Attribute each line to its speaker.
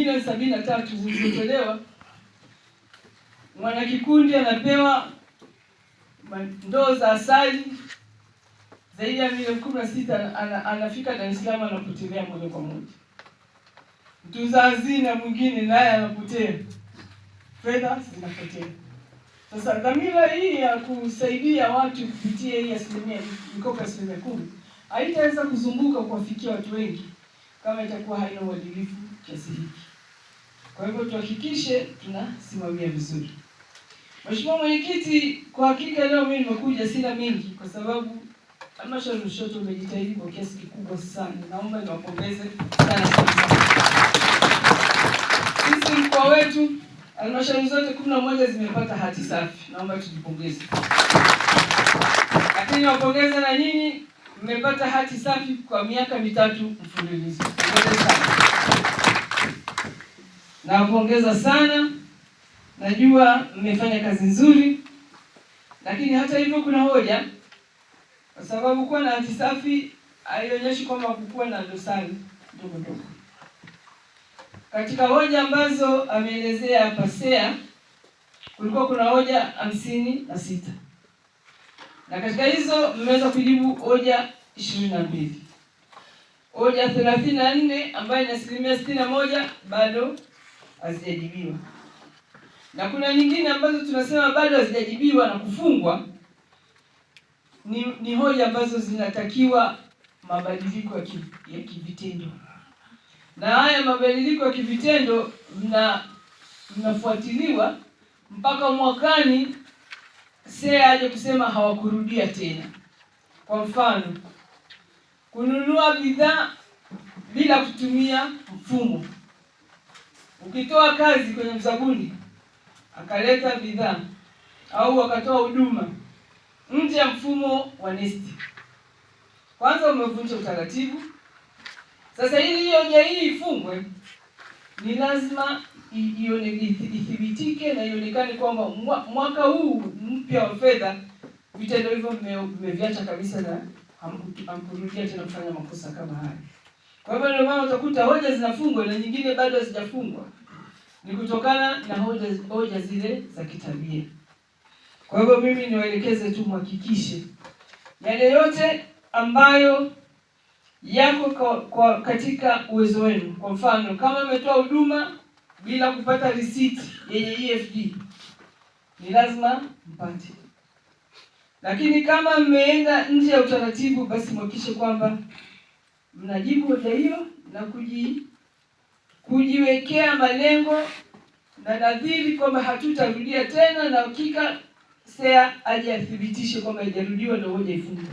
Speaker 1: milioni sabini na tatu zilizotolewa, mwanakikundi anapewa ndoo za asali zaidi ya milioni kumi na sita ana, anafika Dar es Salaam anapotelea moja kwa moja. Mtunza hazina mwingine naye anapotea, fedha zinapotea. Sasa dhamira hii ya kusaidia watu kupitia hii asilimia mikopo asilimia kumi haitaweza kuzunguka kuwafikia watu wengi kama itakuwa haina uadilifu kiasi hiki. Kwa hivyo tuhakikishe tunasimamia vizuri. Mheshimiwa Mwenyekiti, kwa hakika leo mimi nimekuja sina mingi kwa sababu halmashauri Lushoto umejitahidi kwa kiasi kikubwa sana, naomba niwapongeze sana sana. Sisi mkoa wetu halmashauri zote kumi na moja zimepata hati safi, naomba tujipongeze, lakini niwapongeze na nyinyi mmepata hati safi kwa miaka mitatu mfululizo. Nawapongeza sana, najua mmefanya kazi nzuri, lakini hata hivyo kuna hoja, kwa sababu kuwa na hati safi haionyeshi kwamba kukuwa na dosari ndogo ndogo. Katika hoja ambazo ameelezea Pasea kulikuwa kuna hoja hamsini na sita na katika hizo mmeweza kujibu hoja ishirini na mbili. Hoja thelathini na nne ambayo ni asilimia sitini na moja bado hazijajibiwa, na kuna nyingine ambazo tunasema bado hazijajibiwa na kufungwa. Ni, ni hoja ambazo zinatakiwa mabadiliko ya, ki, ya kivitendo na haya mabadiliko ya kivitendo mna mnafuatiliwa mpaka mwakani, sea aje kusema hawakurudia tena. Kwa mfano kununua bidhaa bila kutumia mfumo. Ukitoa kazi kwenye mzabuni akaleta bidhaa au akatoa huduma nje ya mfumo wa nesti kwanza umevunja utaratibu. Sasa ili hiyo nje hii ifungwe, ni lazima ithibitike na ionekane kwamba mwaka huu mpya wa fedha vitendo hivyo mmeviacha kabisa na hamkurudia tena kufanya makosa kama haya. Kwa hivyo ndio maana utakuta hoja zinafungwa na nyingine bado hazijafungwa, ni kutokana na hoja, hoja zile za kitabia. Kwa hivyo mimi niwaelekeze tu mhakikishe yale yote ambayo yako kwa, kwa katika uwezo wenu. Kwa mfano kama umetoa huduma bila kupata risiti yenye EFD ni lazima mpate. Lakini kama mmeenda nje ya utaratibu, basi mwakishe kwamba mnajibu hoja hiyo na kuji, kujiwekea malengo na nadhiri kwamba hatutarudia tena, na hakika SEA aje athibitishe kwamba haijarudiwa na hoja ifungwe.